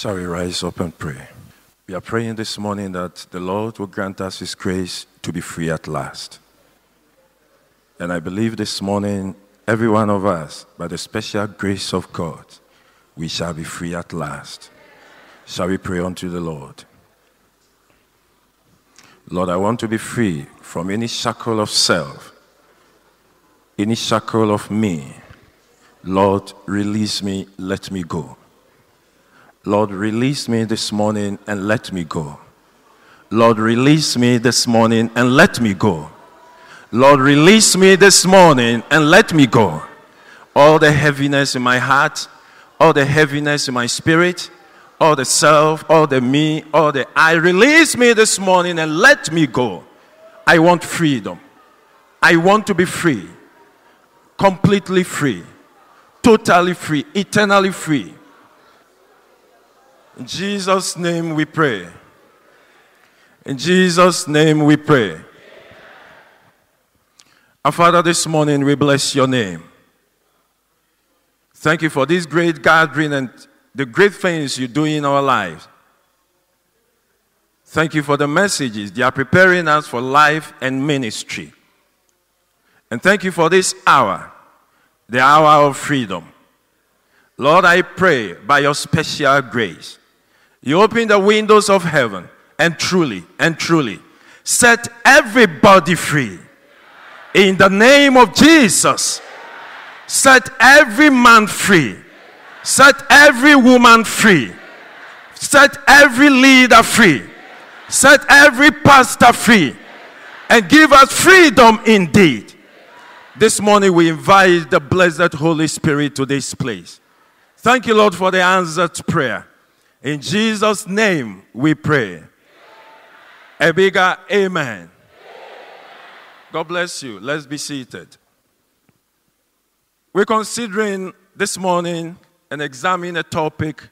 Shall we rise up and pray? We are praying this morning that the Lord will grant us His grace to be free at last. And I believe this morning, every one of us, by the special grace of God, we shall be free at last. Shall we pray unto the Lord? Lord, I want to be free from any shackle of self, any shackle of me. Lord, release me, let me go. Lord, release me this morning and let me go. Lord, release me this morning and let me go. Lord, release me this morning and let me go. All the heaviness in my heart, all the heaviness in my spirit, all the self, all the me, all the I, release me this morning and let me go. I want freedom. I want to be free, completely free, totally free, eternally free. In Jesus' name we pray. In Jesus' name we pray. Amen. And Father, this morning we bless your name. Thank you for this great gathering and the great things you do in our lives. Thank you for the messages. They are preparing us for life and ministry. And thank you for this hour, the hour of freedom. Lord, I pray by your special grace you open the windows of heaven, and truly, and truly, set everybody free. In the name of Jesus, set every man free, set every woman free, set every leader free, set every pastor free, and give us freedom indeed. This morning, we invite the blessed Holy Spirit to this place. Thank you, Lord, for the answered prayer. In Jesus' name we pray. Amen. A bigger amen. amen. God bless you. Let's be seated. We're considering this morning and examining a topic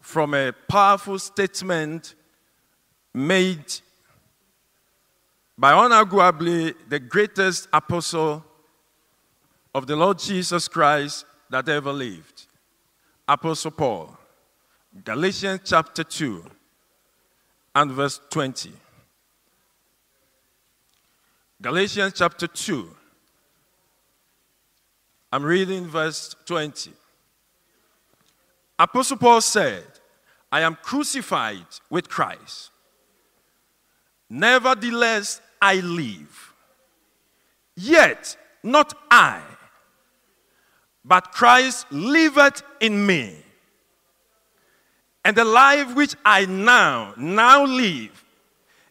from a powerful statement made by unarguably the greatest apostle of the Lord Jesus Christ that ever lived. Apostle Paul, Galatians chapter 2 and verse 20. Galatians chapter 2. I'm reading verse 20. Apostle Paul said, I am crucified with Christ. Nevertheless, I live. Yet, not I, but Christ liveth in me. And the life which I now, now live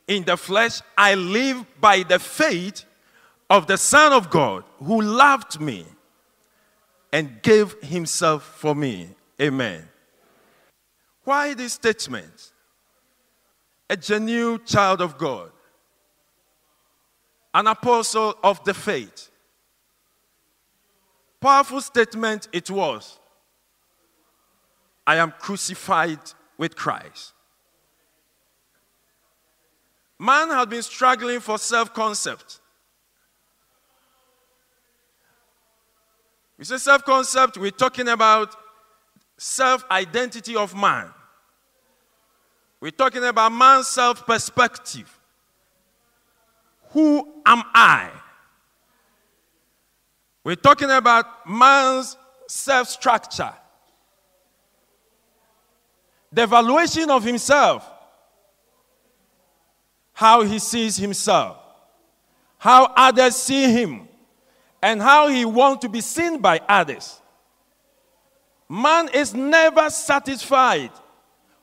in the flesh, I live by the faith of the Son of God who loved me and gave himself for me. Amen. Why this statement? A genuine child of God, an apostle of the faith, Powerful statement it was. I am crucified with Christ. Man had been struggling for self concept. We say self concept, we're talking about self identity of man. We're talking about man's self perspective. Who am I? We're talking about man's self structure, the evaluation of himself, how he sees himself, how others see him, and how he wants to be seen by others. Man is never satisfied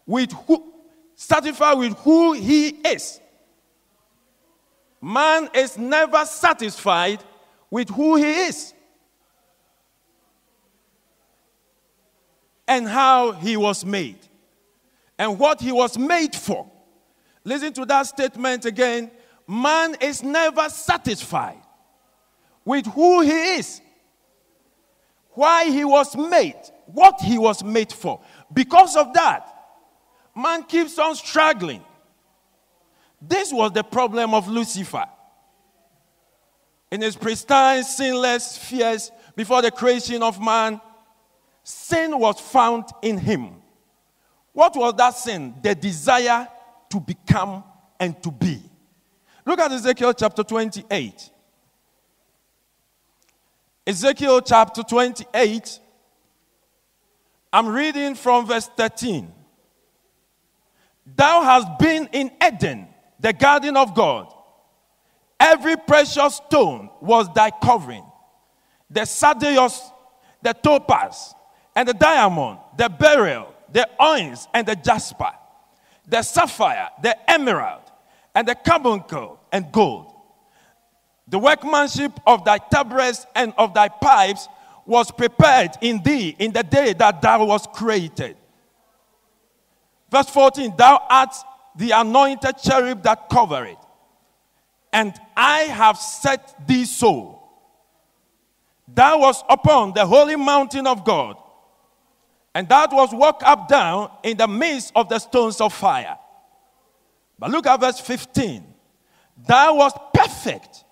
with who, satisfied with who he is. Man is never satisfied with who He is and how He was made and what He was made for. Listen to that statement again. Man is never satisfied with who He is, why He was made, what He was made for. Because of that, man keeps on struggling. This was the problem of Lucifer in his pristine, sinless, fierce, before the creation of man, sin was found in him. What was that sin? The desire to become and to be. Look at Ezekiel chapter 28. Ezekiel chapter 28. I'm reading from verse 13. Thou hast been in Eden, the garden of God. Every precious stone was thy covering the sardius, the topaz, and the diamond, the beryl, the onyx, and the jasper, the sapphire, the emerald, and the carbuncle, and gold. The workmanship of thy tabrets and of thy pipes was prepared in thee in the day that thou was created. Verse 14 Thou art the anointed cherub that covereth and I have set thee so. Thou was upon the holy mountain of God, and that was walked up down in the midst of the stones of fire. But look at verse 15. Thou was perfect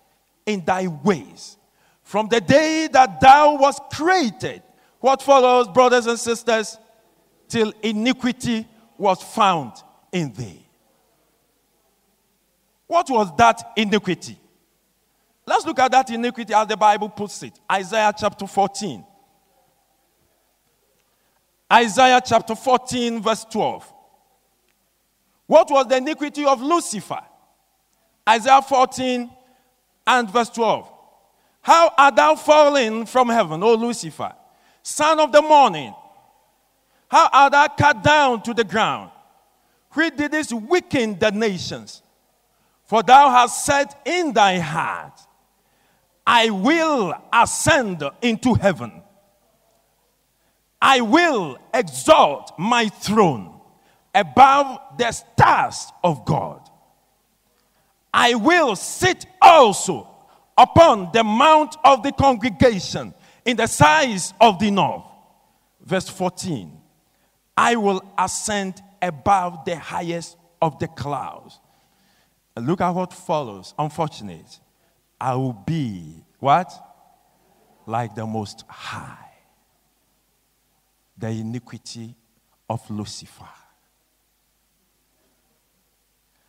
in thy ways from the day that thou was created. What follows, brothers and sisters, till iniquity was found in thee. What was that iniquity? Let's look at that iniquity as the Bible puts it. Isaiah chapter 14. Isaiah chapter 14, verse 12. What was the iniquity of Lucifer? Isaiah 14 and verse 12. How art thou fallen from heaven, O Lucifer, son of the morning? How art thou cut down to the ground? Who this? weaken the nations? For thou hast said in thy heart, I will ascend into heaven. I will exalt my throne above the stars of God. I will sit also upon the mount of the congregation in the sides of the north. Verse 14 I will ascend above the highest of the clouds. Look at what follows. Unfortunate. I will be what? Like the Most High. The iniquity of Lucifer.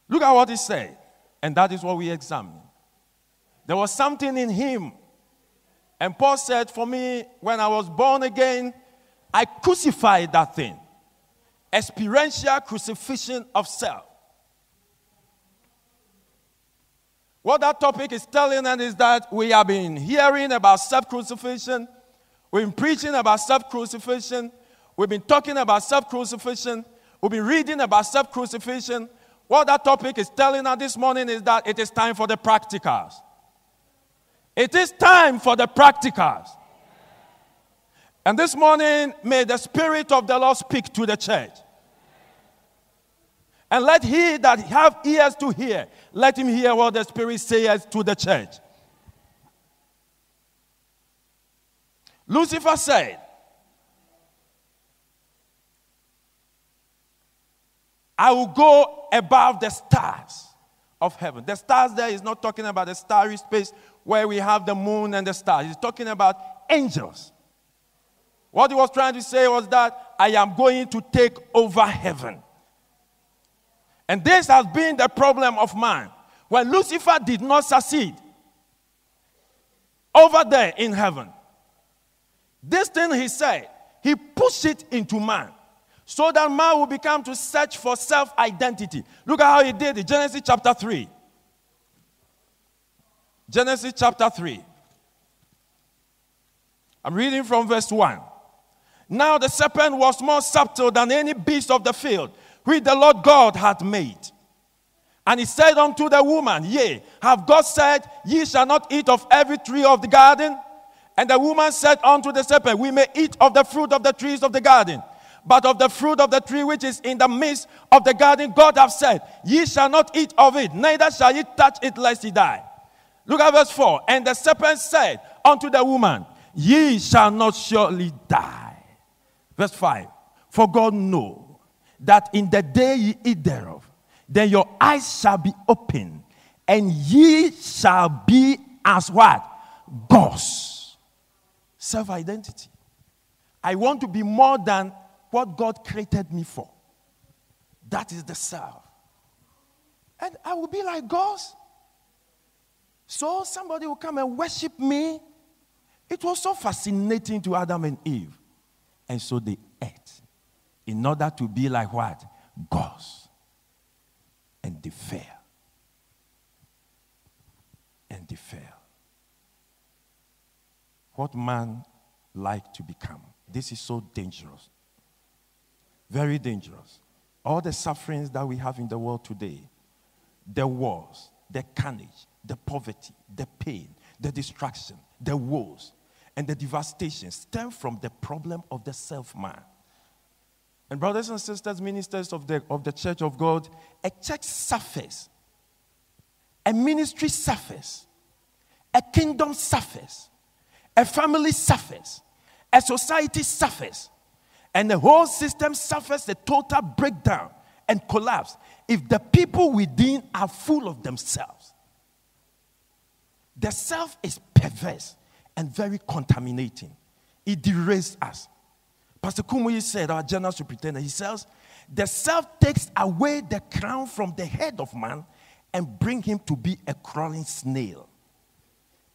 Look at what he said. And that is what we examine. There was something in him. And Paul said, For me, when I was born again, I crucified that thing. Experiential crucifixion of self. What that topic is telling us is that we have been hearing about self crucifixion. We've been preaching about self crucifixion. We've been talking about self crucifixion. We've been reading about self crucifixion. What that topic is telling us this morning is that it is time for the practicals. It is time for the practicals. And this morning, may the Spirit of the Lord speak to the church. And let he that have ears to hear, let him hear what the Spirit says to the church. Lucifer said, I will go above the stars of heaven. The stars there is not talking about the starry space where we have the moon and the stars. He's talking about angels. What he was trying to say was that I am going to take over heaven. And this has been the problem of man. When Lucifer did not succeed over there in heaven, this thing he said, he pushed it into man so that man will become to search for self identity. Look at how he did it Genesis chapter 3. Genesis chapter 3. I'm reading from verse 1. Now the serpent was more subtle than any beast of the field which the Lord God hath made. And he said unto the woman, Yea, have God said, Ye shall not eat of every tree of the garden? And the woman said unto the serpent, We may eat of the fruit of the trees of the garden, but of the fruit of the tree which is in the midst of the garden, God hath said, Ye shall not eat of it, neither shall ye touch it, lest ye die. Look at verse 4. And the serpent said unto the woman, Ye shall not surely die. Verse 5. For God know that in the day ye eat thereof, then your eyes shall be open, and ye shall be as what? Gods. Self identity. I want to be more than what God created me for. That is the self. And I will be like gods. So somebody will come and worship me. It was so fascinating to Adam and Eve. And so they in order to be like what? Gods. And they fail. And they fail. What man like to become? This is so dangerous. Very dangerous. All the sufferings that we have in the world today, the wars, the carnage, the poverty, the pain, the destruction, the woes, and the devastation stem from the problem of the self man. And, brothers and sisters, ministers of the, of the church of God, a church suffers, a ministry suffers, a kingdom suffers, a family suffers, a society suffers, and the whole system suffers a total breakdown and collapse if the people within are full of themselves. The self is perverse and very contaminating, it derails us. Pastor Kumuyi said, our general superintendent, he says, the self takes away the crown from the head of man and bring him to be a crawling snail.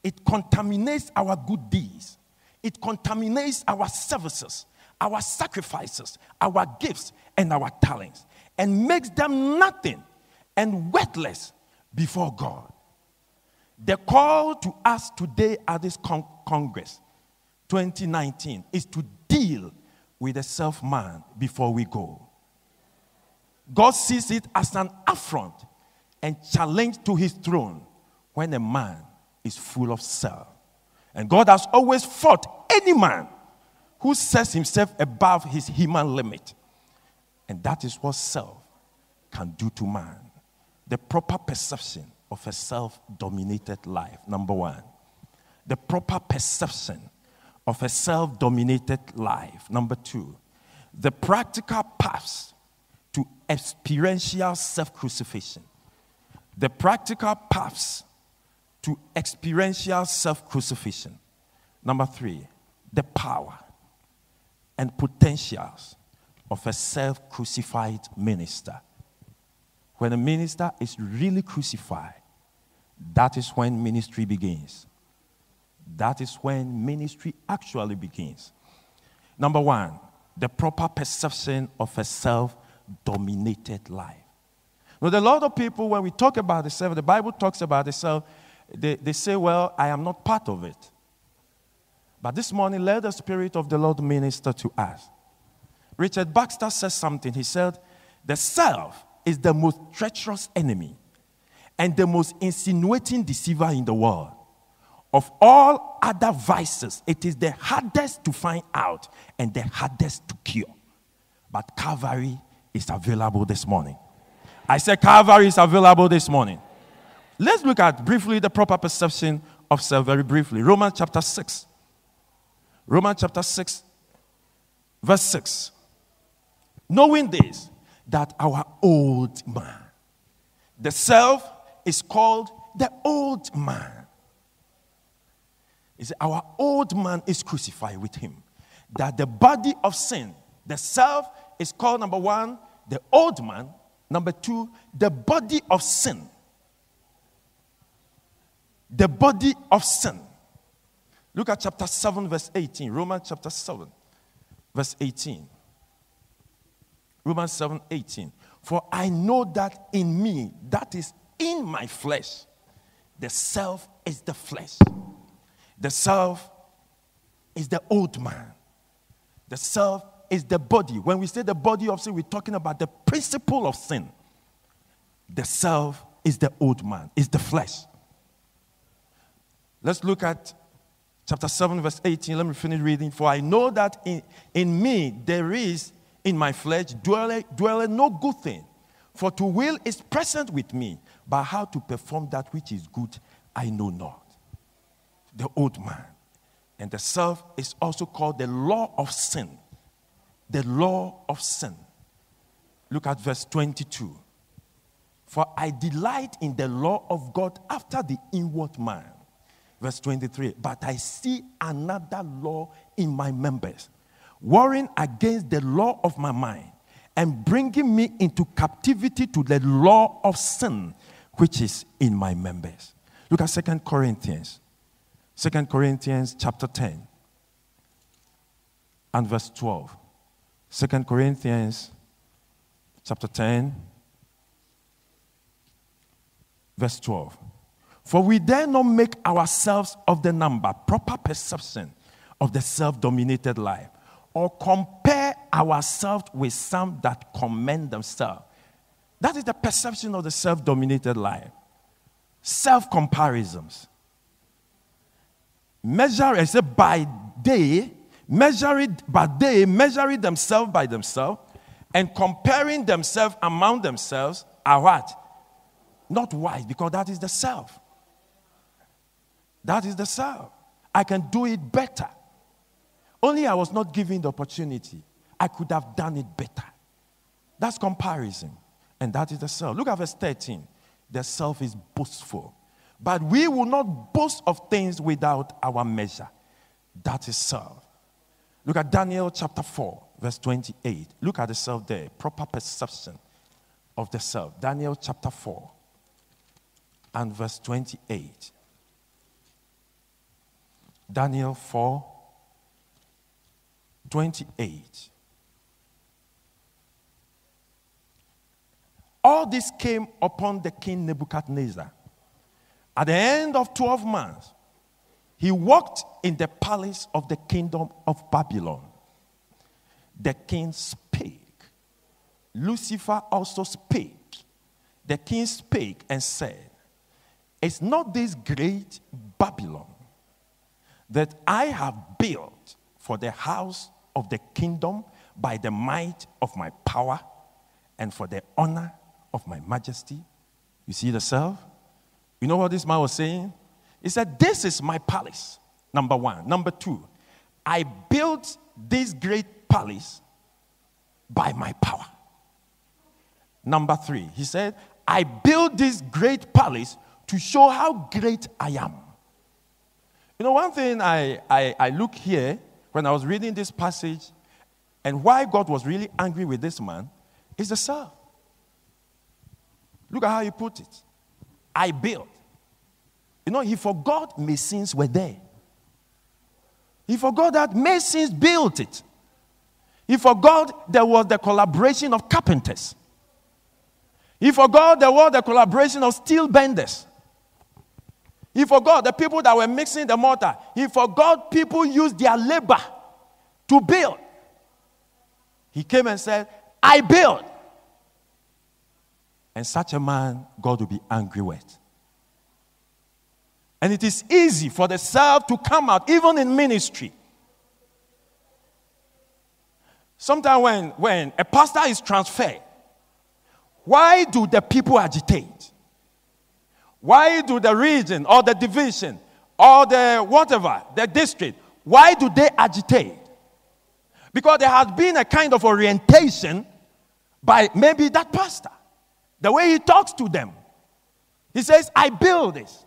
It contaminates our good deeds. It contaminates our services, our sacrifices, our gifts, and our talents, and makes them nothing and worthless before God. The call to us today at this con- Congress 2019 is to deal with a self man before we go. God sees it as an affront and challenge to his throne when a man is full of self. And God has always fought any man who sets himself above his human limit. And that is what self can do to man. The proper perception of a self dominated life, number one. The proper perception of a self dominated life. Number two, the practical paths to experiential self crucifixion. The practical paths to experiential self crucifixion. Number three, the power and potentials of a self crucified minister. When a minister is really crucified, that is when ministry begins. That is when ministry actually begins. Number one, the proper perception of a self dominated life. Now, a lot of people, when we talk about the self, the Bible talks about the self, they, they say, Well, I am not part of it. But this morning, let the Spirit of the Lord minister to us. Richard Baxter says something. He said, The self is the most treacherous enemy and the most insinuating deceiver in the world. Of all other vices, it is the hardest to find out and the hardest to cure. But Calvary is available this morning. I said Calvary is available this morning. Let's look at briefly the proper perception of self very briefly. Romans chapter 6. Romans chapter 6, verse 6. Knowing this, that our old man, the self is called the old man he said, Our old man is crucified with him. That the body of sin, the self, is called number one, the old man. Number two, the body of sin. The body of sin. Look at chapter 7, verse 18. Romans chapter 7, verse 18. Romans 7, 18. For I know that in me, that is in my flesh, the self is the flesh. The self is the old man. The self is the body. When we say the body of sin, we're talking about the principle of sin. The self is the old man, is the flesh. Let's look at chapter 7, verse 18. Let me finish reading. For I know that in, in me there is in my flesh dwelleth no good thing. For to will is present with me, but how to perform that which is good I know not the old man. And the self is also called the law of sin. The law of sin. Look at verse 22. For I delight in the law of God after the inward man. Verse 23. But I see another law in my members, warring against the law of my mind and bringing me into captivity to the law of sin which is in my members. Look at Second Corinthians 2 Corinthians chapter 10 and verse 12. 2 Corinthians chapter 10, verse 12. For we dare not make ourselves of the number, proper perception of the self dominated life, or compare ourselves with some that commend themselves. That is the perception of the self dominated life. Self comparisons measure I said by day, measure it by day, measuring themselves by themselves, and comparing themselves among themselves are what? Not wise, because that is the self. That is the self. I can do it better. Only I was not given the opportunity. I could have done it better. That's comparison. And that is the self. Look at verse 13. The self is boastful but we will not boast of things without our measure. That is self. Look at Daniel chapter 4, verse 28. Look at the self there, proper perception of the self. Daniel chapter 4 and verse 28. Daniel 4, 28. All this came upon the king Nebuchadnezzar at the end of 12 months, he walked in the palace of the kingdom of Babylon. The king spake. Lucifer also spake. The king spake and said, "Is not this great Babylon that I have built for the house of the kingdom by the might of my power and for the honor of my majesty. You see the self? You know what this man was saying? He said, This is my palace, number one. Number two, I built this great palace by my power. Number three, he said, I built this great palace to show how great I am. You know, one thing I, I, I look here when I was reading this passage and why God was really angry with this man is the self. Look at how he put it. I built. You know, he forgot masons were there. He forgot that masons built it. He forgot there was the collaboration of carpenters. He forgot there was the collaboration of steel benders. He forgot the people that were mixing the mortar. He forgot people used their labor to build. He came and said, I build. And such a man, God will be angry with. And it is easy for the self to come out, even in ministry. Sometimes when, when a pastor is transferred, why do the people agitate? Why do the region or the division or the whatever, the district, why do they agitate? Because there has been a kind of orientation by maybe that pastor, the way he talks to them. He says, I build this.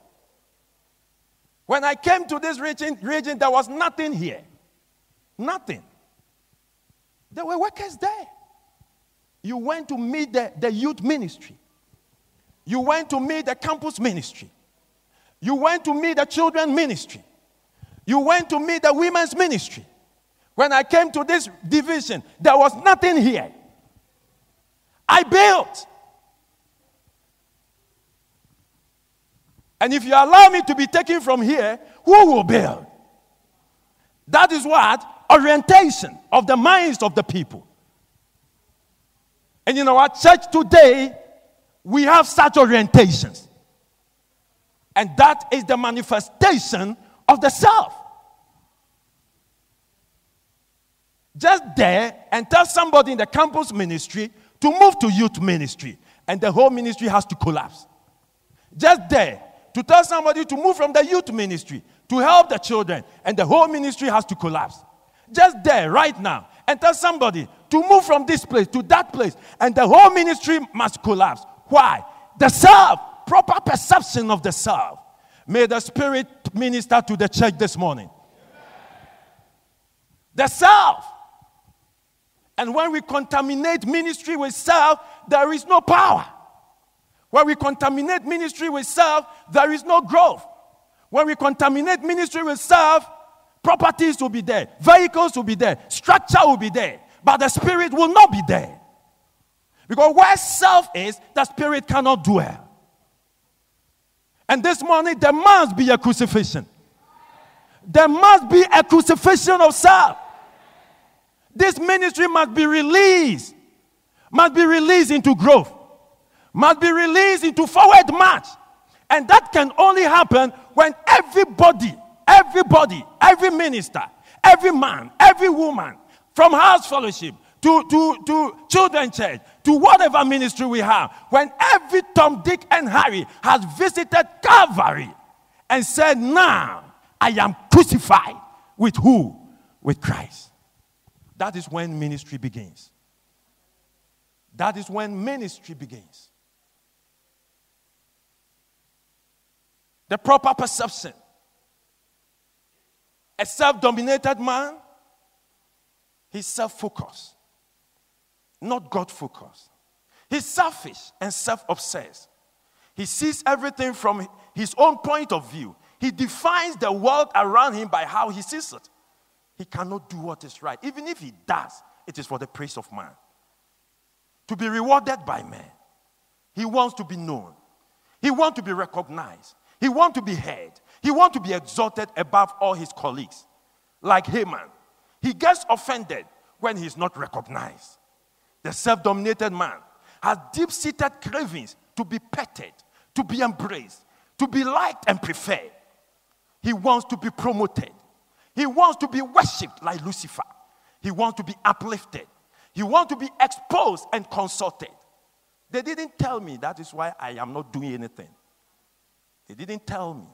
When I came to this region, region, there was nothing here. Nothing. There were workers there. You went to meet the, the youth ministry. You went to meet the campus ministry. You went to meet the children ministry. You went to meet the women's ministry. When I came to this division, there was nothing here. I built. And if you allow me to be taken from here, who will build? That is what orientation of the minds of the people. And in our church today, we have such orientations. And that is the manifestation of the self. Just there and tell somebody in the campus ministry to move to youth ministry, and the whole ministry has to collapse. Just there to tell somebody to move from the youth ministry to help the children, and the whole ministry has to collapse. Just there, right now, and tell somebody to move from this place to that place, and the whole ministry must collapse. Why? The self, proper perception of the self. May the Spirit minister to the church this morning. The self. And when we contaminate ministry with self, there is no power. When we contaminate ministry with self, there is no growth. When we contaminate ministry with self, properties will be there, vehicles will be there, structure will be there, but the spirit will not be there. Because where self is, the spirit cannot dwell. And this morning, there must be a crucifixion. There must be a crucifixion of self. This ministry must be released, must be released into growth must be released into forward march. And that can only happen when everybody, everybody, every minister, every man, every woman, from house fellowship to, to, to children church to whatever ministry we have, when every Tom, Dick, and Harry has visited Calvary and said, Now I am crucified with who? With Christ. That is when ministry begins. That is when ministry begins. the proper perception. A self dominated man, he's self focused, not God focused. He's selfish and self obsessed. He sees everything from his own point of view. He defines the world around him by how he sees it. He cannot do what is right. Even if he does, it is for the praise of man. To be rewarded by men. He wants to be known. He wants to be recognized. He wants to be heard. He wants to be exalted above all his colleagues, like Haman. He gets offended when he's not recognized. The self dominated man has deep seated cravings to be petted, to be embraced, to be liked and preferred. He wants to be promoted. He wants to be worshipped like Lucifer. He wants to be uplifted. He wants to be exposed and consulted. They didn't tell me. That is why I am not doing anything. They didn't tell me.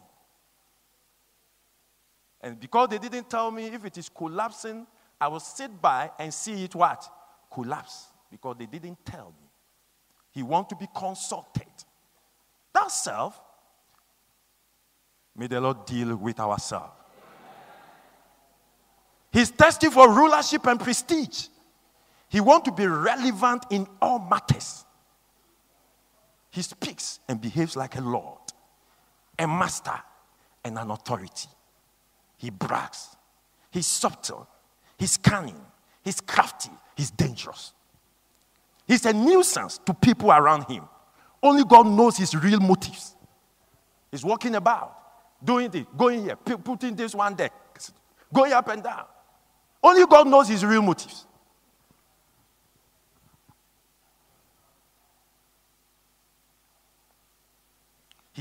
And because they didn't tell me if it is collapsing, I will sit by and see it what? Collapse. Because they didn't tell me. He want to be consulted. That self, may the Lord deal with ourselves. He's testing for rulership and prestige. He want to be relevant in all matters. He speaks and behaves like a lord a master and an authority. He brags. He's subtle. He's cunning. He's crafty. He's dangerous. He's a nuisance to people around him. Only God knows his real motives. He's walking about, doing this, going here, putting this one there, going up and down. Only God knows his real motives.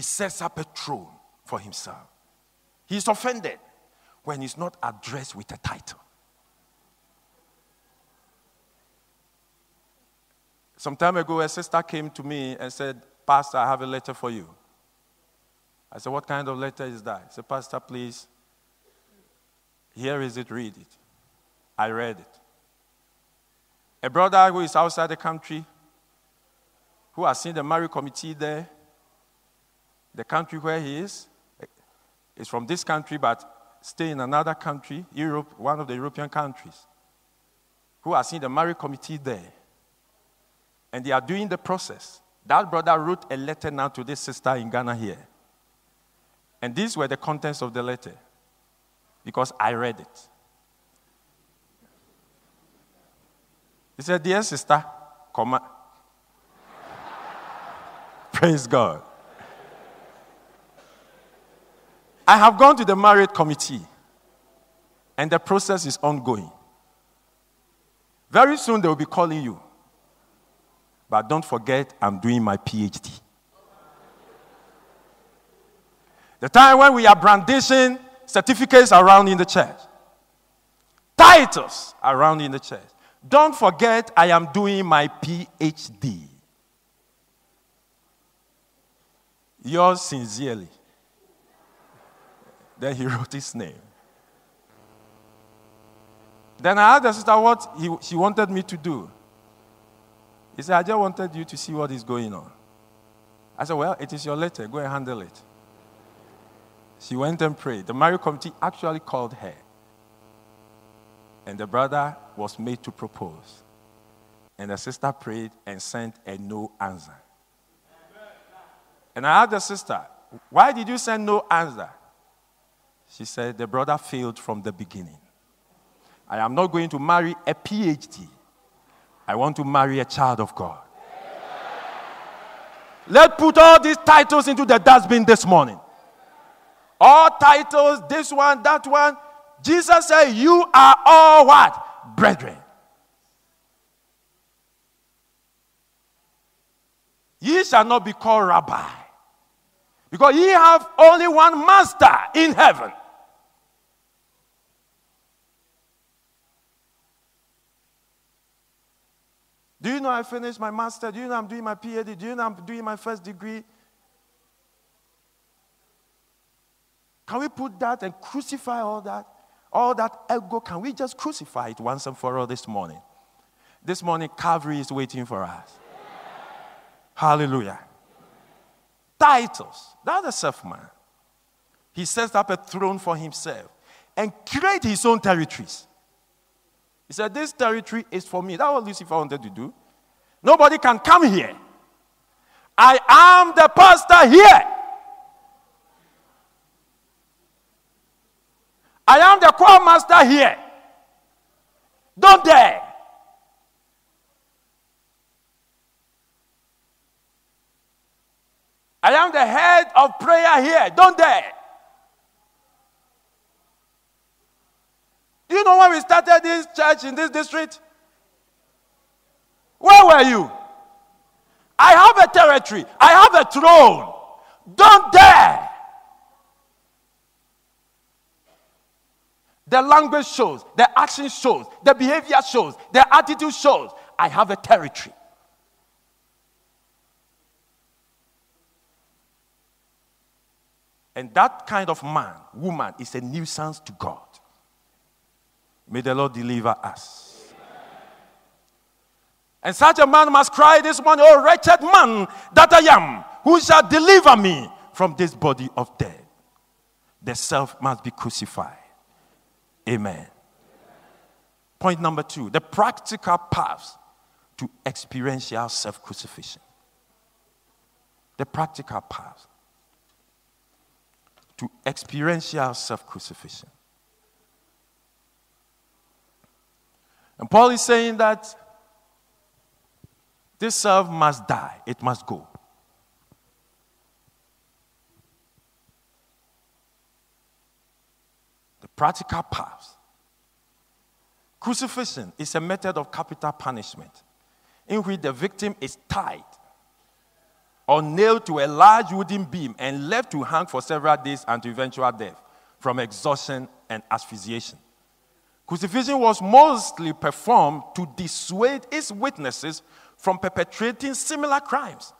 He sets up a throne for himself. He is offended when he's not addressed with a title. Some time ago, a sister came to me and said, Pastor, I have a letter for you. I said, What kind of letter is that? She said, Pastor, please, here is it, read it. I read it. A brother who is outside the country, who has seen the marriage committee there, the country where he is eh, is from this country, but stay in another country, Europe, one of the European countries, who are seen the marriage committee there. And they are doing the process. That brother wrote a letter now to this sister in Ghana here. And these were the contents of the letter, because I read it. He said, Dear sister, comma. Praise God. I have gone to the marriage committee, and the process is ongoing. Very soon they will be calling you. But don't forget, I'm doing my PhD. The time when we are brandishing certificates around in the church, titles around in the church. Don't forget, I am doing my PhD. Yours sincerely. Then he wrote his name. Then I asked the sister what he, she wanted me to do. He said, I just wanted you to see what is going on. I said, Well, it is your letter. Go and handle it. She went and prayed. The marriage committee actually called her. And the brother was made to propose. And the sister prayed and sent a no answer. And I asked the sister, Why did you send no answer? She said, The brother failed from the beginning. I am not going to marry a PhD. I want to marry a child of God. Let's put all these titles into the dustbin this morning. All titles, this one, that one. Jesus said, You are all what? Brethren. Ye shall not be called rabbi. Because ye have only one master in heaven. Do you know I finished my master? Do you know I'm doing my PhD? Do you know I'm doing my first degree? Can we put that and crucify all that? All that ego, can we just crucify it once and for all this morning? This morning, Calvary is waiting for us. Hallelujah. Titles. That's a self man. He sets up a throne for himself and create his own territories. He said, This territory is for me. That's what Lucifer wanted to do. Nobody can come here. I am the pastor here. I am the choir master here. Don't dare. I am the head of prayer here. Don't dare. You know when we started this church in this district? Where were you? I have a territory, I have a throne. Don't dare. The language shows, the action shows, the behavior shows, the attitude shows. I have a territory. And that kind of man, woman, is a nuisance to God. May the Lord deliver us. And such a man must cry this morning, Oh, wretched man that I am, who shall deliver me from this body of death? The self must be crucified. Amen. Amen. Point number two the practical paths to experiential self crucifixion. The practical paths to experiential self crucifixion. And Paul is saying that this self must die, it must go. The practical path. Crucifixion is a method of capital punishment in which the victim is tied or nailed to a large wooden beam and left to hang for several days until eventual death from exhaustion and asphyxiation. Crucifixion was mostly performed to dissuade its witnesses from perpetrating similar crimes.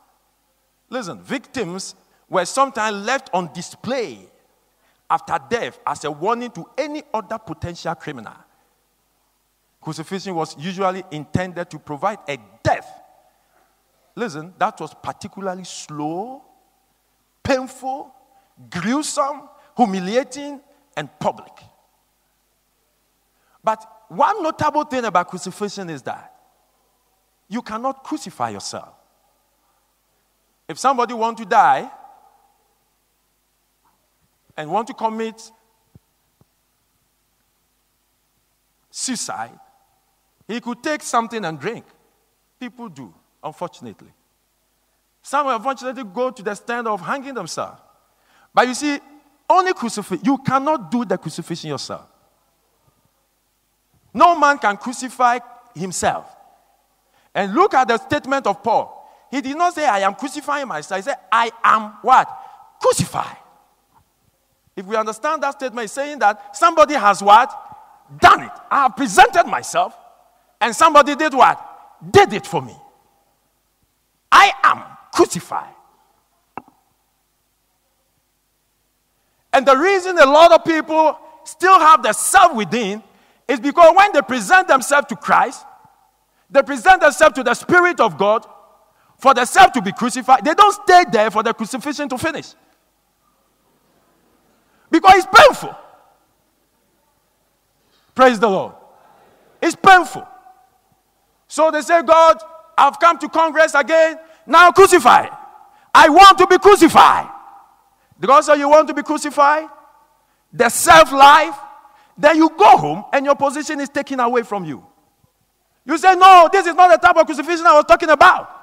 Listen, victims were sometimes left on display after death as a warning to any other potential criminal. Crucifixion was usually intended to provide a death. Listen, that was particularly slow, painful, gruesome, humiliating, and public. But one notable thing about crucifixion is that you cannot crucify yourself. If somebody want to die and want to commit suicide, he could take something and drink. People do, unfortunately. Some unfortunately go to the stand of hanging themselves. But you see, only crucifix, you cannot do the crucifixion yourself. No man can crucify himself. And look at the statement of Paul. He did not say, I am crucifying myself. He said, I am what? Crucified. If we understand that statement, it's saying that somebody has what? Done it. I have presented myself, and somebody did what? Did it for me. I am crucified. And the reason a lot of people still have the self within is because when they present themselves to Christ, they present themselves to the Spirit of God for themselves to be crucified. They don't stay there for the crucifixion to finish because it's painful. Praise the Lord. It's painful. So they say, God, I've come to Congress again. Now crucify. I want to be crucified. Because you want to be crucified, the self life then you go home and your position is taken away from you. You say, No, this is not the type of crucifixion I was talking about.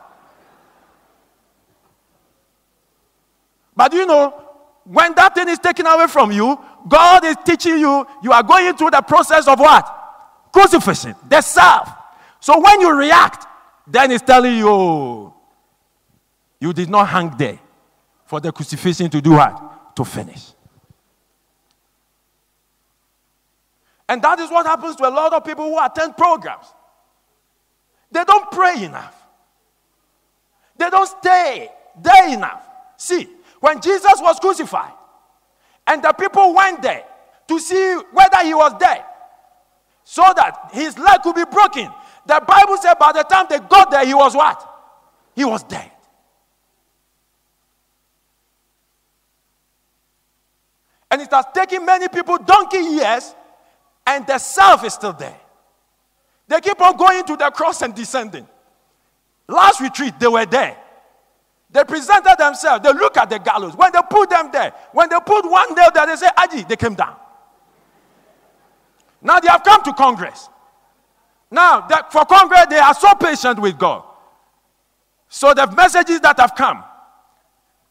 But you know, when that thing is taken away from you, God is teaching you, you are going through the process of what? Crucifixion, the self. So when you react, then it's telling you, oh, you did not hang there for the crucifixion to do what? To finish. And that is what happens to a lot of people who attend programs. They don't pray enough, they don't stay there enough. See, when Jesus was crucified, and the people went there to see whether he was dead, so that his leg could be broken. The Bible said by the time they got there, he was what? He was dead. And it has taken many people donkey years and the self is still there. They keep on going to the cross and descending. Last retreat, they were there. They presented themselves. They look at the gallows. When they put them there, when they put one nail there, they say, Aji, they came down. Now they have come to Congress. Now, that for Congress, they are so patient with God. So the messages that have come,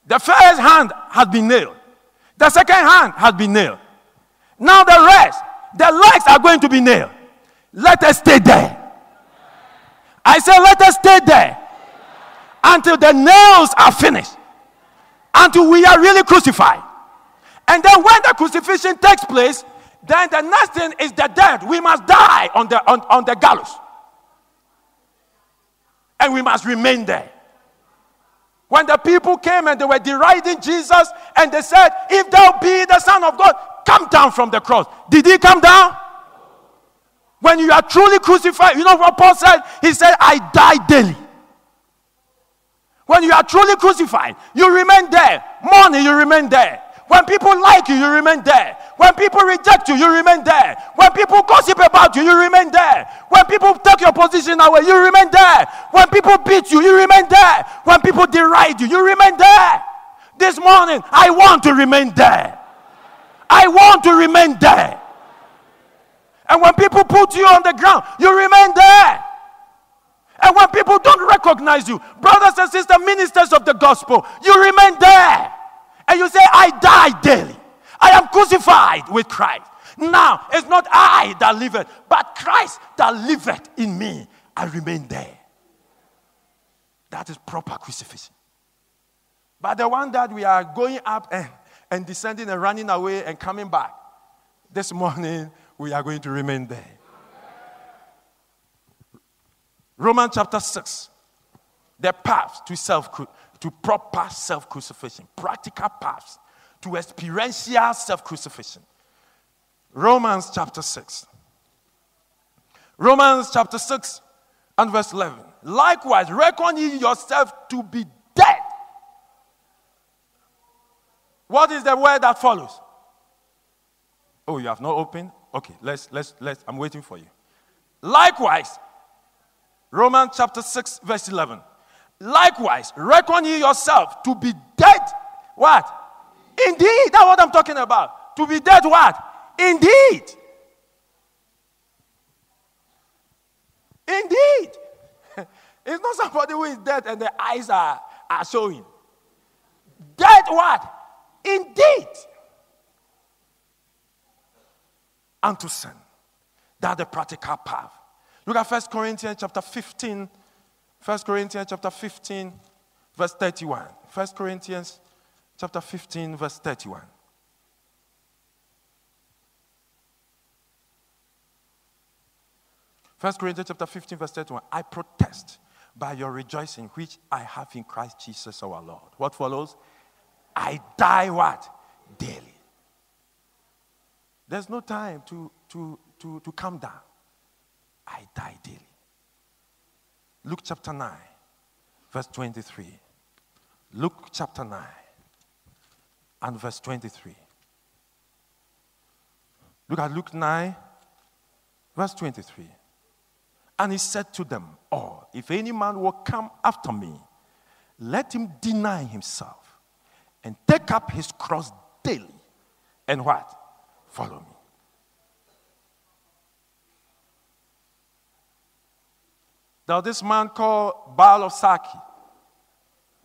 the first hand has been nailed, the second hand has been nailed. Now the rest the legs are going to be nailed. Let us stay there. I say, let us stay there until the nails are finished, until we are really crucified. And then when the crucifixion takes place, then the next thing is the death. We must die on the, on, on the gallows. And we must remain there. When the people came and they were deriding Jesus, and they said, If thou be the Son of God, come down from the cross. Did he come down? When you are truly crucified, you know what Paul said? He said, I die daily. When you are truly crucified, you remain there. Morning, you remain there. When people like you, you remain there. When people reject you, you remain there. When people gossip about you, you remain there. When people take your position away, you remain there. When people beat you, you remain there. When people deride you, you remain there. This morning, I want to remain there. I want to remain there. And when people put you on the ground, you remain there. And when people don't recognize you, brothers and sisters, ministers of the gospel, you remain there. And you say, I die daily. I am crucified with Christ. Now, it's not I that liveth, but Christ that liveth in me. I remain there. That is proper crucifixion. But the one that we are going up and eh, and descending and running away and coming back. This morning, we are going to remain there. Romans chapter 6, the path to self to proper self crucifixion, practical paths to experiential self crucifixion. Romans chapter 6. Romans chapter 6 and verse 11. Likewise, reckon ye yourself to be dead what is the word that follows? Oh, you have not opened? Okay, let's, let's, let's, I'm waiting for you. Likewise, Romans chapter 6, verse 11. Likewise, reckon ye yourself to be dead. What? Indeed. That's what I'm talking about. To be dead, what? Indeed. Indeed. it's not somebody who is dead and the eyes are, are showing. Dead, what? indeed unto sin. That's the practical path. Look at 1 Corinthians chapter 15. 1 Corinthians chapter 15, verse 31. 1 Corinthians chapter 15, verse 31. First Corinthians chapter 15, verse 31. I protest by your rejoicing which I have in Christ Jesus our Lord. What follows? I die what? Daily. There's no time to, to, to, to calm down. I die daily. Luke chapter 9, verse 23. Luke chapter 9 and verse 23. Look at Luke 9, verse 23. And he said to them all, If any man will come after me, let him deny himself and take up his cross daily and what? Follow me. Now, this man called Baal of Saki,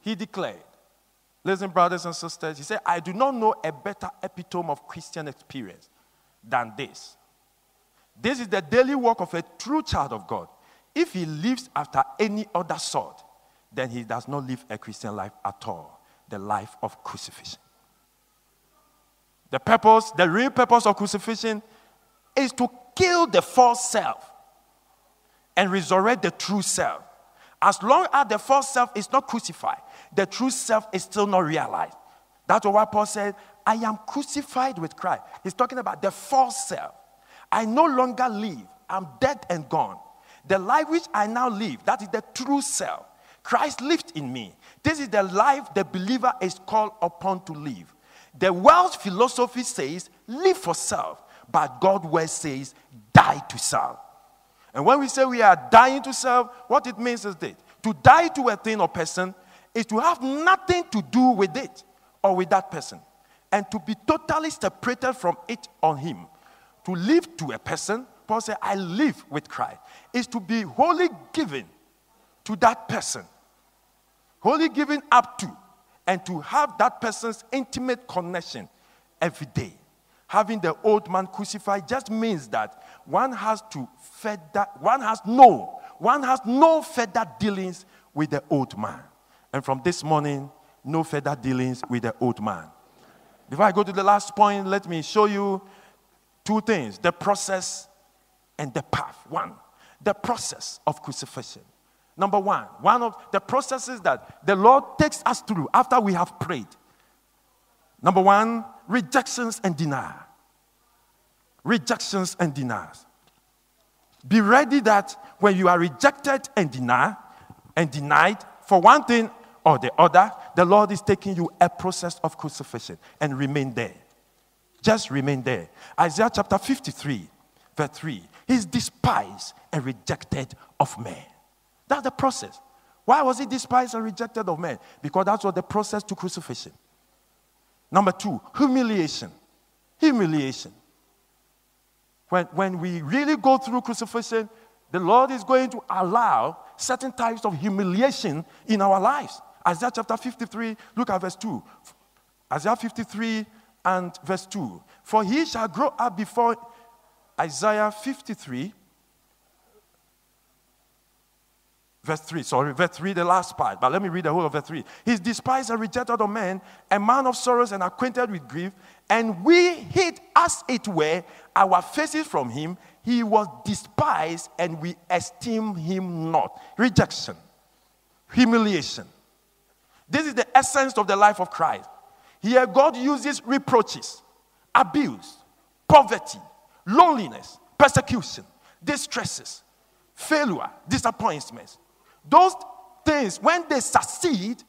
he declared, Listen, brothers and sisters, he said, I do not know a better epitome of Christian experience than this. This is the daily work of a true child of God. If he lives after any other sort, then he does not live a Christian life at all the life of crucifixion. The purpose, the real purpose of crucifixion is to kill the false self and resurrect the true self. As long as the false self is not crucified, the true self is still not realized. That's why Paul said, I am crucified with Christ. He's talking about the false self. I no longer live, I'm dead and gone. The life which I now live, that is the true self. Christ lived in me. This is the life the believer is called upon to live. The world's philosophy says, live for self, but God's word says, die to self. And when we say we are dying to self, what it means is this to die to a thing or person is to have nothing to do with it or with that person, and to be totally separated from it or him. To live to a person, Paul said, I live with Christ, is to be wholly given to that person. Wholly giving up to and to have that person's intimate connection every day. Having the old man crucified just means that one has to further, one has no, one has no further dealings with the old man. And from this morning, no further dealings with the old man. Before I go to the last point, let me show you two things the process and the path. One, the process of crucifixion. Number one, one of the processes that the Lord takes us through after we have prayed. Number one, rejections and denial. Rejections and denials. Be ready that when you are rejected and denied, and denied for one thing or the other, the Lord is taking you a process of crucifixion and remain there. Just remain there. Isaiah chapter 53, verse 3. He's despised and rejected of men that's the process. Why was he despised and rejected of men? Because that was the process to crucifixion. Number two, humiliation. Humiliation. When, when we really go through crucifixion, the Lord is going to allow certain types of humiliation in our lives. Isaiah chapter 53, look at verse 2. Isaiah 53 and verse 2. For he shall grow up before Isaiah 53 Verse 3, sorry, verse 3, the last part, but let me read the whole of verse 3. He's despised and rejected of men, a man of sorrows and acquainted with grief, and we hid, as it were, our faces from him. He was despised, and we esteem him not. Rejection, humiliation. This is the essence of the life of Christ. Here, God uses reproaches, abuse, poverty, loneliness, persecution, distresses, failure, disappointments those things, when they succeed,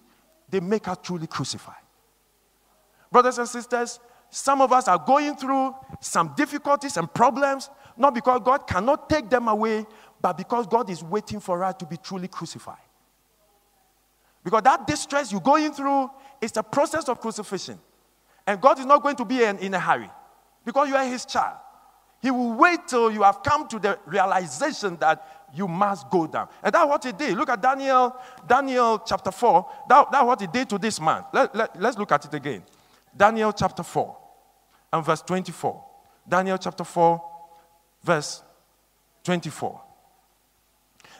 they make us truly crucified. Brothers and sisters, some of us are going through some difficulties and problems, not because God cannot take them away, but because God is waiting for us to be truly crucified. Because that distress you're going through is a process of crucifixion. And God is not going to be in, in a hurry because you are His child. He will wait till you have come to the realization that you must go down. And that's what he did. Look at Daniel, Daniel chapter 4. That, that's what he did to this man. Let, let, let's look at it again. Daniel chapter 4 and verse 24. Daniel chapter 4, verse 24.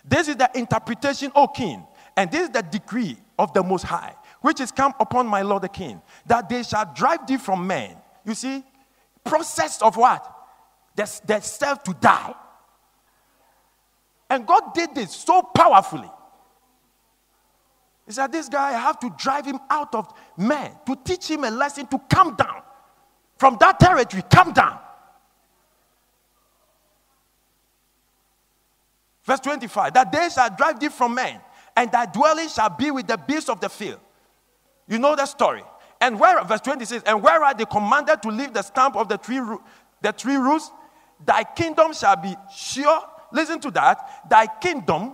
This is the interpretation, O king, and this is the decree of the Most High, which is come upon my Lord the king, that they shall drive thee from men. You see, process of what? The, the self to die. And God did this so powerfully. He said, This guy, I have to drive him out of man to teach him a lesson to come down. From that territory, come down. Verse 25 That they shall drive thee from men, and thy dwelling shall be with the beasts of the field. You know the story. And where, verse 26, and where are they commanded to leave the stamp of the three, the three roots? Thy kingdom shall be sure Listen to that. Thy kingdom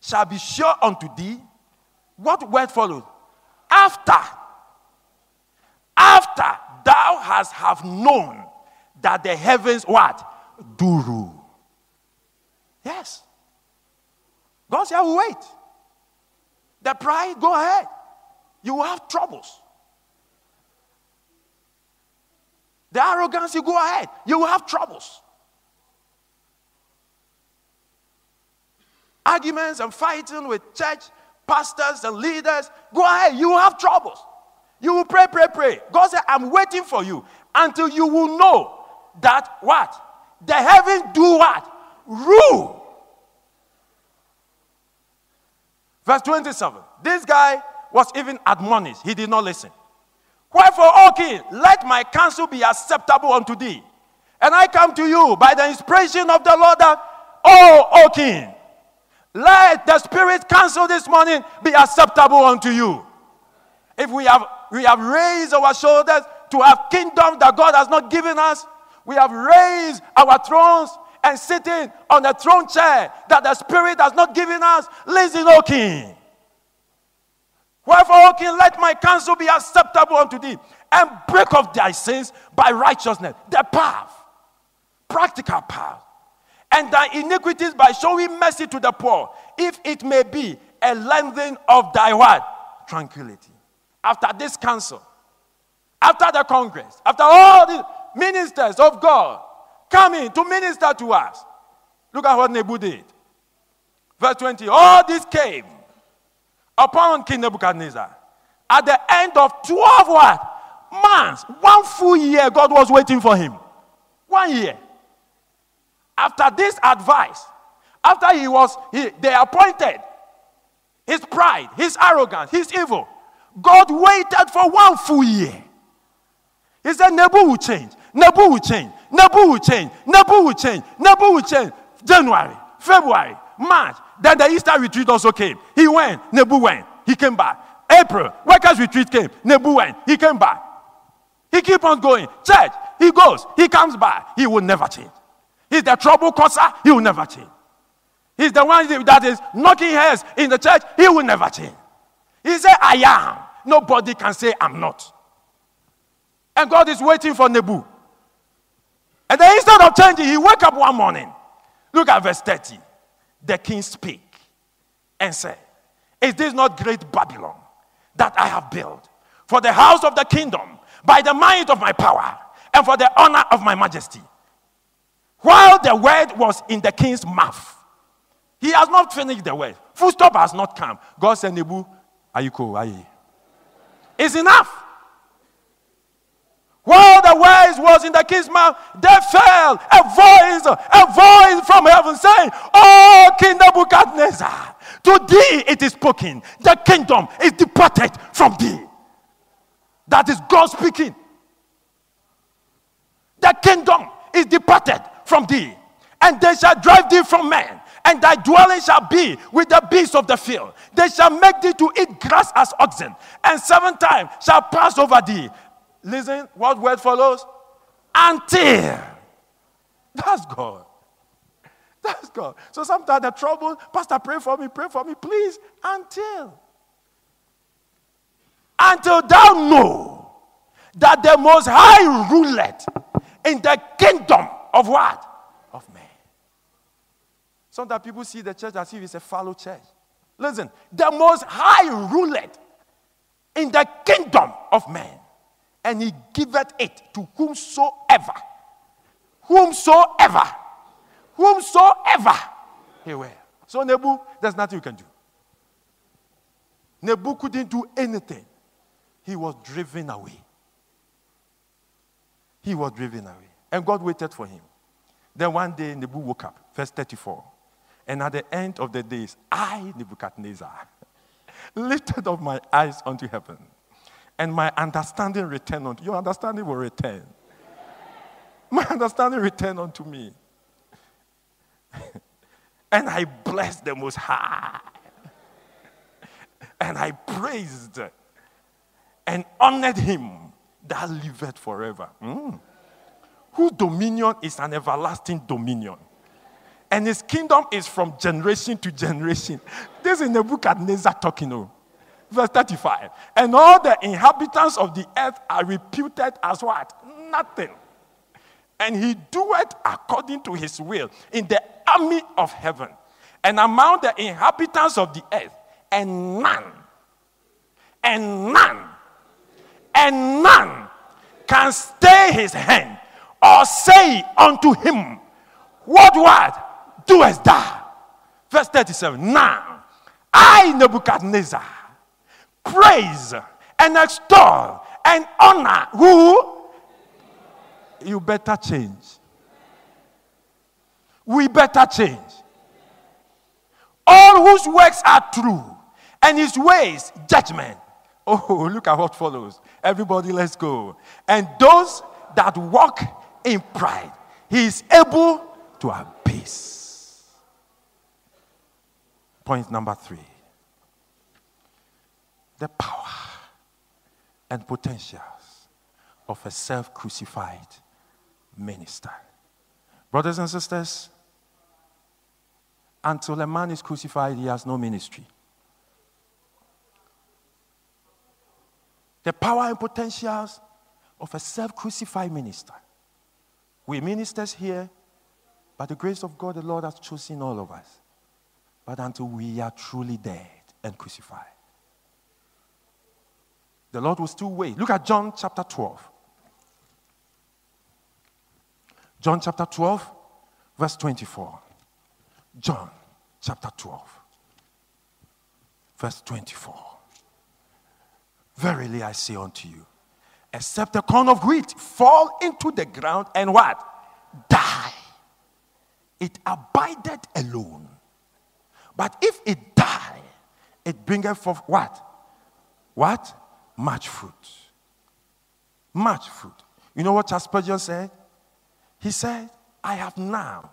shall be sure unto thee. What word followed? After. After thou hast have known that the heavens what? Do rule. Yes. God said, I will wait. The pride, go ahead. You will have troubles. The arrogance, you go ahead. You will have troubles. arguments and fighting with church pastors and leaders. Go ahead, you will have troubles. You will pray, pray, pray. God said, I'm waiting for you until you will know that what? The heaven do what? Rule. Verse 27. This guy was even admonished. He did not listen. Wherefore, O king, let my counsel be acceptable unto thee. And I come to you by the inspiration of the Lord that, O, o king, let the Spirit counsel this morning be acceptable unto you. If we have, we have raised our shoulders to have kingdom that God has not given us, we have raised our thrones and sitting on a throne chair that the Spirit has not given us. Listen, O King. Wherefore, O King, let my counsel be acceptable unto thee and break off thy sins by righteousness. The path, practical path, and thy iniquities by showing mercy to the poor, if it may be a lengthening of thy what? Tranquility. After this council, after the congress, after all the ministers of God coming to minister to us. Look at what Nebu did. Verse 20 All this came upon King Nebuchadnezzar at the end of 12 what? months. One full year, God was waiting for him. One year. After this advice, after he was he, they appointed, his pride, his arrogance, his evil, God waited for one full year. He said, Nebu will change, Nebu will change, Nebu will change, Nebu will change, Nebu will change. January, February, March. Then the Easter retreat also came. He went, Nebu went, he came back. April, workers' retreat came, Nebu went, he came back. He keep on going. Church, he goes, he comes back. He will never change. He's the trouble causer. He will never change. He's the one that is knocking heads in the church. He will never change. He said, I am. Nobody can say I'm not. And God is waiting for Nebu. And then instead of changing, he woke up one morning. Look at verse 30. The king speak and said, Is this not great Babylon that I have built for the house of the kingdom by the might of my power and for the honor of my majesty? While the word was in the king's mouth, he has not finished the word. Full stop has not come. God said, Nebu, are you cool? Are you? It's enough. While the word was in the king's mouth, there fell a voice, a voice from heaven saying, Oh, King Nebuchadnezzar, to thee it is spoken. The kingdom is departed from thee. That is God speaking. The kingdom is departed from thee, and they shall drive thee from men, and thy dwelling shall be with the beasts of the field. They shall make thee to eat grass as oxen, and seven times shall pass over thee. Listen, what word follows? Until. That's God. That's God. So sometimes the trouble, Pastor, pray for me, pray for me, please. Until. Until thou know that the most high ruler in the kingdom of what? Of man. Sometimes people see the church as if it's a fallow church. Listen, the most high ruled in the kingdom of man, and he giveth it to whomsoever, whomsoever, whomsoever he will. So, Nebu, there's nothing you can do. Nebu couldn't do anything. He was driven away. He was driven away. And God waited for him. Then one day, Nebu woke up, verse 34. And at the end of the days, I, Nebuchadnezzar, lifted up my eyes unto heaven, and my understanding returned unto your understanding will return. My understanding returned unto me. and I blessed the Most High. and I praised and honored him that liveth forever. Mm whose dominion is an everlasting dominion. And his kingdom is from generation to generation. This is Nebuchadnezzar talking. Of. Oh. Verse 35. And all the inhabitants of the earth are reputed as what? Nothing. And he doeth according to his will in the army of heaven and among the inhabitants of the earth, and none, and none, and none can stay his hand or say unto him, What word doest thou? Verse 37 Now I, Nebuchadnezzar, praise and extol and honor who? You better change. We better change. All whose works are true and his ways judgment. Oh, look at what follows. Everybody, let's go. And those that walk in pride, he is able to abase. Point number three the power and potentials of a self crucified minister. Brothers and sisters, until a man is crucified, he has no ministry. The power and potentials of a self crucified minister. We ministers here, by the grace of God, the Lord has chosen all of us. But until we are truly dead and crucified, the Lord will still wait. Look at John chapter 12. John chapter 12, verse 24. John chapter 12, verse 24. Verily I say unto you, except the corn of wheat fall into the ground and what? Die. It abideth alone. But if it die, it bringeth forth what? What? Much fruit. Much fruit. You know what Aspergian said? He said, I have now,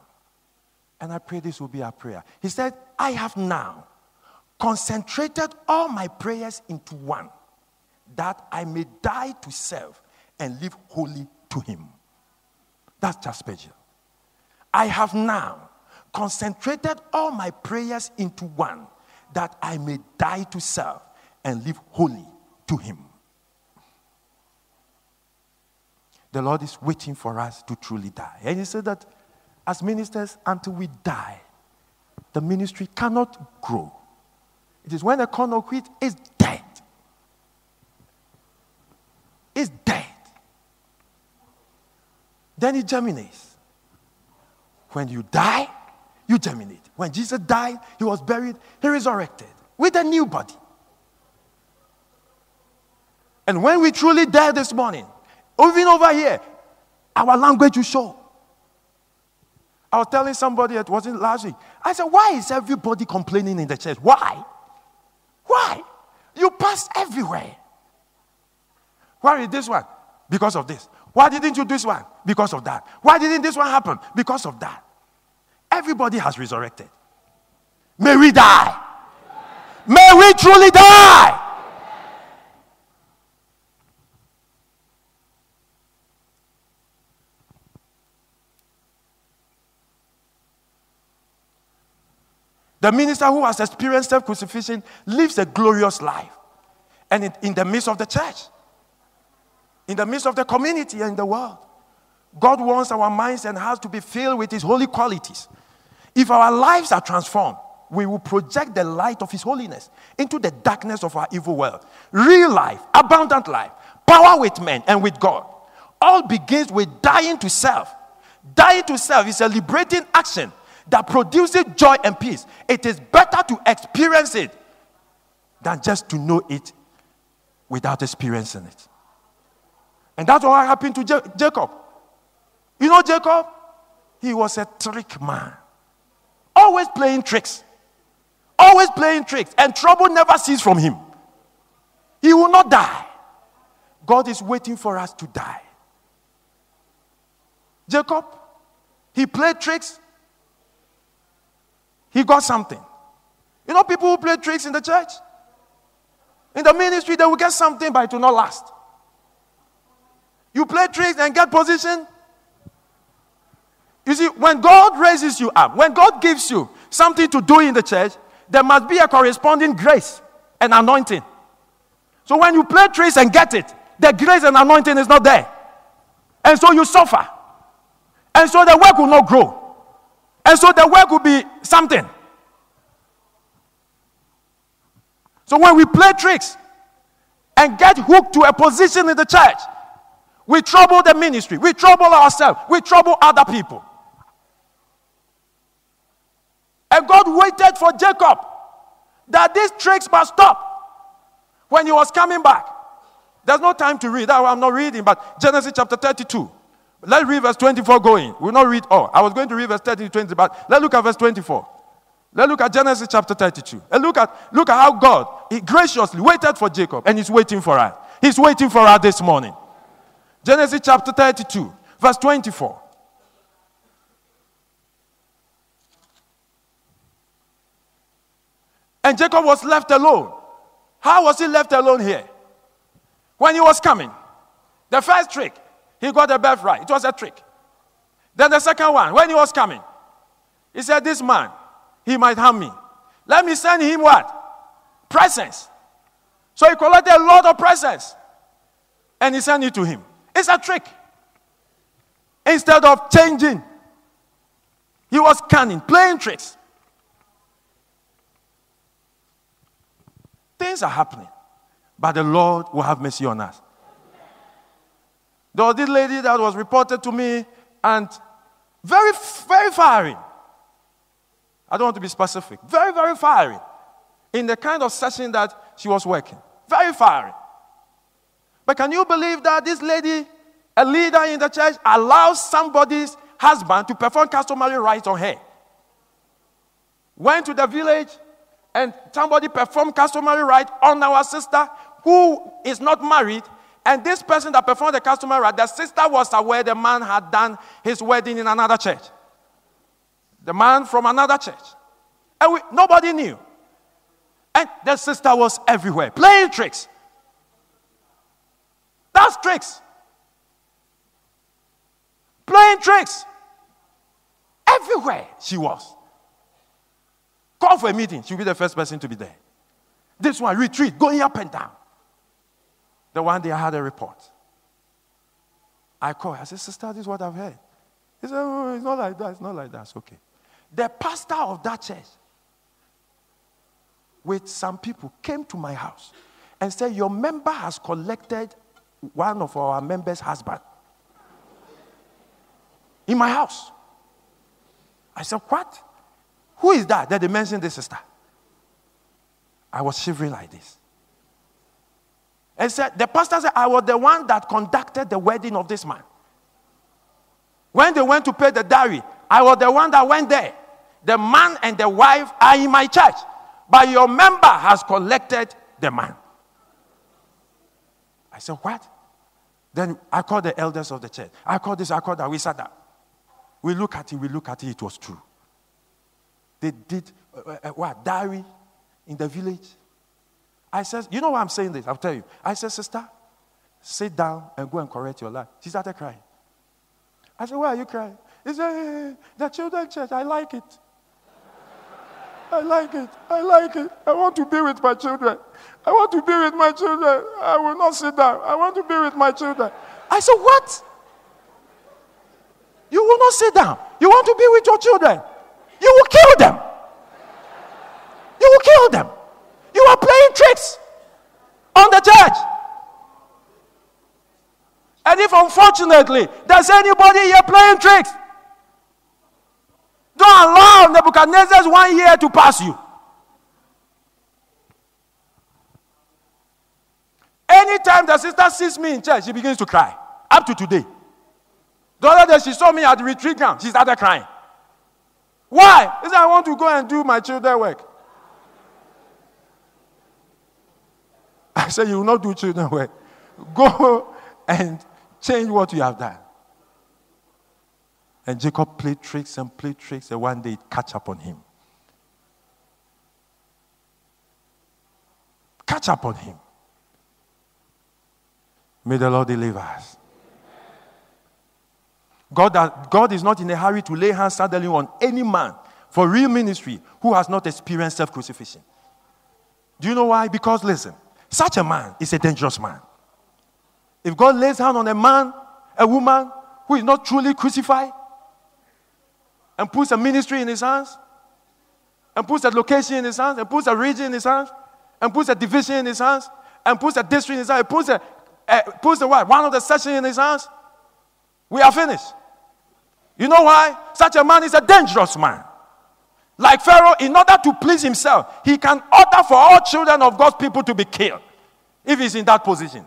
and I pray this will be our prayer. He said, I have now concentrated all my prayers into one that I may die to self and live wholly to Him. That's just special. I have now concentrated all my prayers into one, that I may die to self and live wholly to Him. The Lord is waiting for us to truly die. And He said that as ministers, until we die, the ministry cannot grow. It is when the corn of wheat is dead is dead. Then it germinates. When you die, you germinate. When Jesus died, he was buried, he resurrected with a new body. And when we truly die this morning, even over here, our language will show. I was telling somebody, it wasn't last week. I said, Why is everybody complaining in the church? Why? Why? You pass everywhere. Why is this one? Because of this. Why didn't you do this one? Because of that. Why didn't this one happen? Because of that. Everybody has resurrected. May we die. May we truly die. The minister who has experienced self crucifixion lives a glorious life and in, in the midst of the church in the midst of the community and in the world. God wants our minds and hearts to be filled with His holy qualities. If our lives are transformed, we will project the light of His holiness into the darkness of our evil world. Real life, abundant life, power with men and with God. All begins with dying to self. Dying to self is a liberating action that produces joy and peace. It is better to experience it than just to know it without experiencing it. And that's what happened to Jacob. You know Jacob? He was a trick man. Always playing tricks. Always playing tricks. And trouble never ceases from him. He will not die. God is waiting for us to die. Jacob, he played tricks. He got something. You know people who play tricks in the church? In the ministry, they will get something, but it will not last. You play tricks and get position. You see, when God raises you up, when God gives you something to do in the church, there must be a corresponding grace and anointing. So when you play tricks and get it, the grace and anointing is not there. And so you suffer. And so the work will not grow. And so the work will be something. So when we play tricks and get hooked to a position in the church, we trouble the ministry. We trouble ourselves. We trouble other people. And God waited for Jacob that these tricks must stop when he was coming back. There's no time to read. I'm not reading, but Genesis chapter 32. Let's read verse 24 going. We'll not read all. I was going to read verse 30 to 20, but let's look at verse 24. Let's look at Genesis chapter 32. And look at, look at how God he graciously waited for Jacob, and he's waiting for us. He's waiting for us this morning. Genesis chapter 32, verse 24. And Jacob was left alone. How was he left alone here? When he was coming, the first trick, he got a birthright. It was a trick. Then the second one, when he was coming, he said, This man, he might harm me. Let me send him what? Presents. So he collected a lot of presents and he sent it to him. It's a trick. Instead of changing, he was cunning, playing tricks. Things are happening, but the Lord will have mercy on us. There was this lady that was reported to me and very, very fiery. I don't want to be specific. Very, very fiery in the kind of session that she was working. Very fiery. But can you believe that this lady, a leader in the church, allows somebody's husband to perform customary rites on her? Went to the village and somebody performed customary rites on our sister who is not married. And this person that performed the customary rite, the sister was aware the man had done his wedding in another church. The man from another church. And we, nobody knew. And the sister was everywhere playing tricks. That's tricks. Playing tricks. Everywhere she was. Call for a meeting, she'll be the first person to be there. This one, retreat, going up and down. The one day I had a report. I called, I said, Sister, this is what I've heard. He said, oh, It's not like that, it's not like that, it's okay. The pastor of that church, with some people, came to my house and said, Your member has collected one of our members' husband in my house. I said, What? Who is that that they mentioned this sister? I was shivering like this. And said, the pastor said, I was the one that conducted the wedding of this man. When they went to pay the dowry, I was the one that went there. The man and the wife are in my church, but your member has collected the man said, What? Then I called the elders of the church. I called this, I called that. We said that. We look at it, we look at it, it was true. They did uh, uh, what? Diary in the village. I said, You know why I'm saying this? I'll tell you. I said, Sister, sit down and go and correct your life. She started crying. I said, Why are you crying? He said, eh, eh, eh, The children church, I like it. I like it. I like it. I want to be with my children. I want to be with my children. I will not sit down. I want to be with my children. I said, What? You will not sit down. You want to be with your children. You will kill them. You will kill them. You are playing tricks on the church. And if unfortunately there's anybody here playing tricks, don't allow Nebuchadnezzar's one year to pass you. Anytime the sister sees me in church, she begins to cry. Up to today. The other day, she saw me at the retreat ground. She started crying. Why? Is I want to go and do my children work. I said, You will not do children work. Go and change what you have done. And Jacob played tricks and played tricks, and one day it catch up on him. Catch up on him. May the Lord deliver us. God, God is not in a hurry to lay hands suddenly on any man for real ministry who has not experienced self crucifixion. Do you know why? Because listen, such a man is a dangerous man. If God lays hands on a man, a woman who is not truly crucified, and puts a ministry in his hands, and puts a location in his hands, and puts a region in his hands, and puts a division in his hands, and puts a district in his hands, and puts a uh, puts the wife, one of the sessions in his hands. We are finished. You know why? Such a man is a dangerous man. Like Pharaoh, in order to please himself, he can order for all children of God's people to be killed if he's in that position.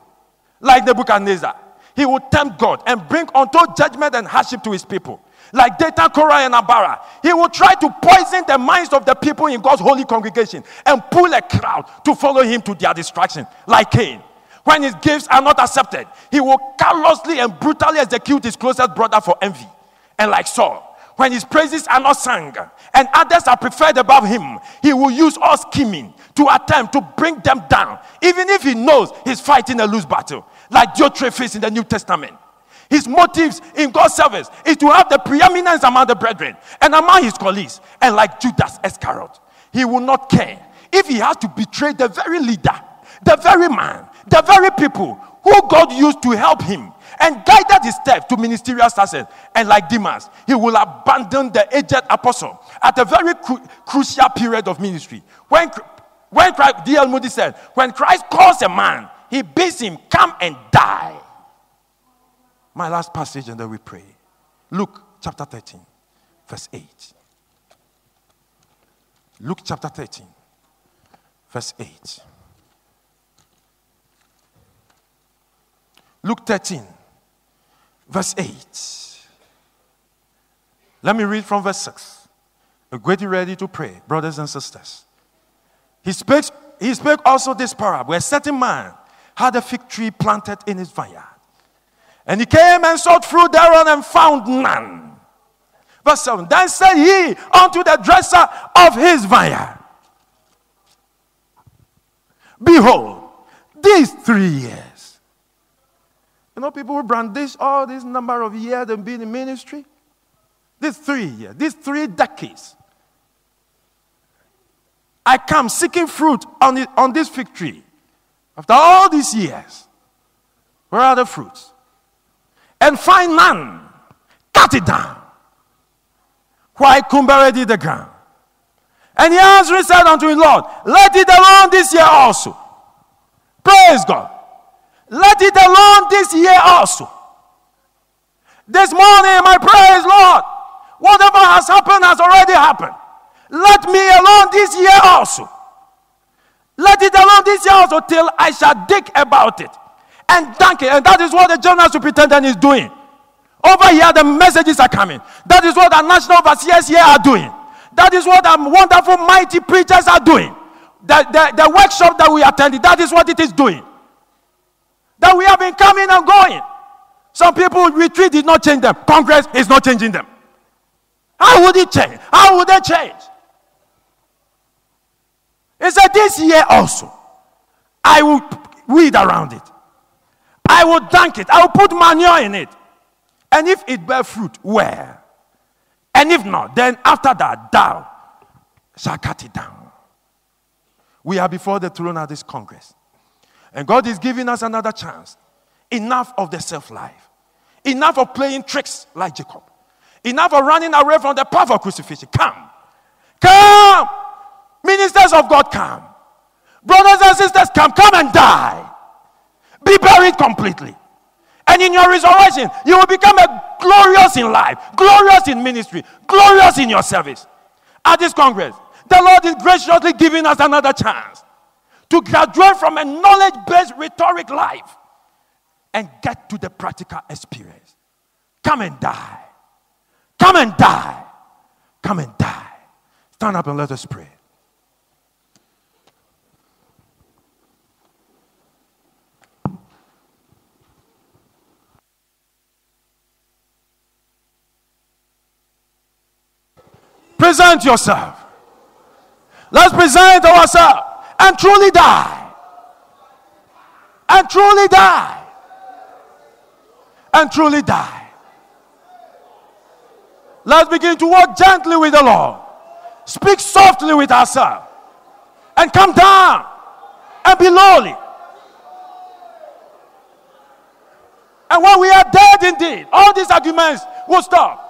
Like Nebuchadnezzar, he will tempt God and bring untold judgment and hardship to his people. Like Dathan, Korah, and Abara, he will try to poison the minds of the people in God's holy congregation and pull a crowd to follow him to their destruction. Like Cain when his gifts are not accepted, he will callously and brutally execute his closest brother for envy. And like Saul, when his praises are not sung and others are preferred above him, he will use all scheming to attempt to bring them down, even if he knows he's fighting a loose battle, like Diotrephes in the New Testament. His motives in God's service is to have the preeminence among the brethren and among his colleagues. And like Judas Iscariot, he will not care if he has to betray the very leader, the very man the very people who God used to help him and guided his steps to ministerial success, and like Demas, he will abandon the aged apostle at a very cru- crucial period of ministry. When, when Christ, D.L. Moody said, when Christ calls a man, he bids him come and die. My last passage, and then we pray. Luke chapter 13, verse 8. Luke chapter 13, verse 8. Luke 13, verse 8. Let me read from verse 6. we getting ready to pray, brothers and sisters. He spoke. he spoke also this parable. A certain man had a fig tree planted in his vineyard. And he came and sought fruit thereon and found none. Verse 7 Then said he unto the dresser of his vineyard, Behold, these three years you know, people who brandish all this number of years and been in ministry. These three years, these three decades. I come seeking fruit on, the, on this fig tree. After all these years, where are the fruits? And find none. Cut it down. Why Kumbere did the ground? And he answered said unto the Lord, Let it alone this year also. Praise God. Let it alone this year also. This morning, my prayer is, Lord, whatever has happened has already happened. Let me alone this year also. Let it alone this year also till I shall dig about it and thank it. And that is what the general superintendent is doing. Over here, the messages are coming. That is what our national overseers here are doing. That is what our wonderful, mighty preachers are doing. The, the, the workshop that we attended, that is what it is doing that we have been coming and going. Some people retreat did not change them. Congress is not changing them. How would it change? How would they change? He said, This year also, I will weed around it. I will dunk it. I will put manure in it. And if it bear fruit, well. And if not, then after that, thou shalt cut it down. We are before the throne of this Congress. And God is giving us another chance. Enough of the self life. Enough of playing tricks like Jacob. Enough of running away from the path of crucifixion. Come. Come. Ministers of God, come. Brothers and sisters, come. Come and die. Be buried completely. And in your resurrection, you will become a glorious in life, glorious in ministry, glorious in your service. At this Congress, the Lord is graciously giving us another chance to graduate from a knowledge based rhetoric life and get to the practical experience. Come and die. Come and die. Come and die. Stand up and let us pray. Present yourself. Let's present ourselves and truly die. And truly die. And truly die. Let's begin to walk gently with the Lord. Speak softly with ourselves. And come down and be lowly. And when we are dead indeed, all these arguments will stop.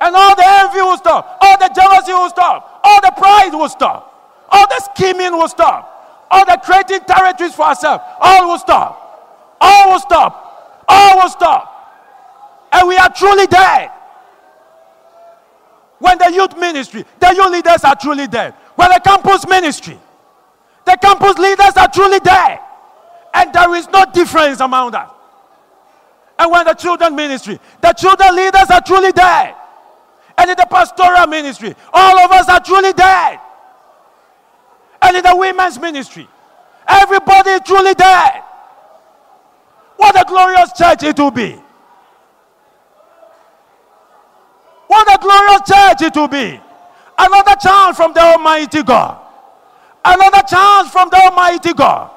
And all the envy will stop. All the jealousy will stop. All the pride will stop. All the scheming will stop. All the creating territories for ourselves. All will stop. All will stop. All will stop. And we are truly dead. When the youth ministry, the youth leaders are truly dead. When the campus ministry, the campus leaders are truly dead. And there is no difference among that. And when the children ministry, the children leaders are truly dead. And in the pastoral ministry, all of us are truly dead and in the women's ministry. Everybody truly dead. What a glorious church it will be. What a glorious church it will be. Another chance from the Almighty God. Another chance from the Almighty God.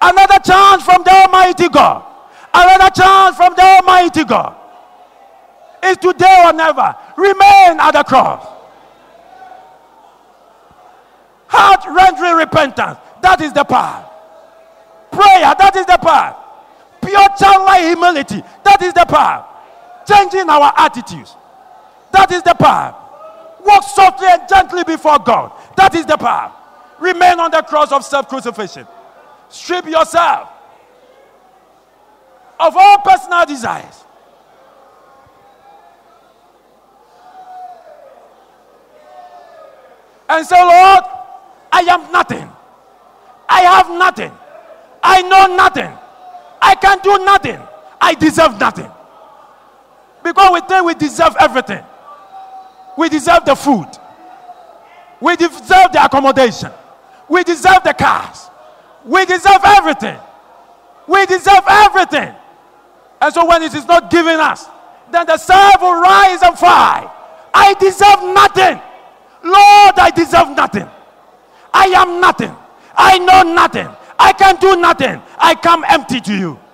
Another chance from the Almighty God. Another chance from the Almighty God. It's today or never. Remain at the cross. Heart rendering repentance. That is the path. Prayer, that is the path. Pure childlike humility, that is the path. Changing our attitudes, that is the path. Walk softly and gently before God, that is the path. Remain on the cross of self crucifixion. Strip yourself of all personal desires. And say, so, Lord, I am nothing. I have nothing. I know nothing. I can do nothing. I deserve nothing. Because we think we deserve everything. We deserve the food. We deserve the accommodation. We deserve the cars. We deserve everything. We deserve everything. And so when it is not given us, then the self will rise and fly. I deserve nothing. Lord, I deserve nothing. I am nothing. I know nothing. I can do nothing. I come empty to you.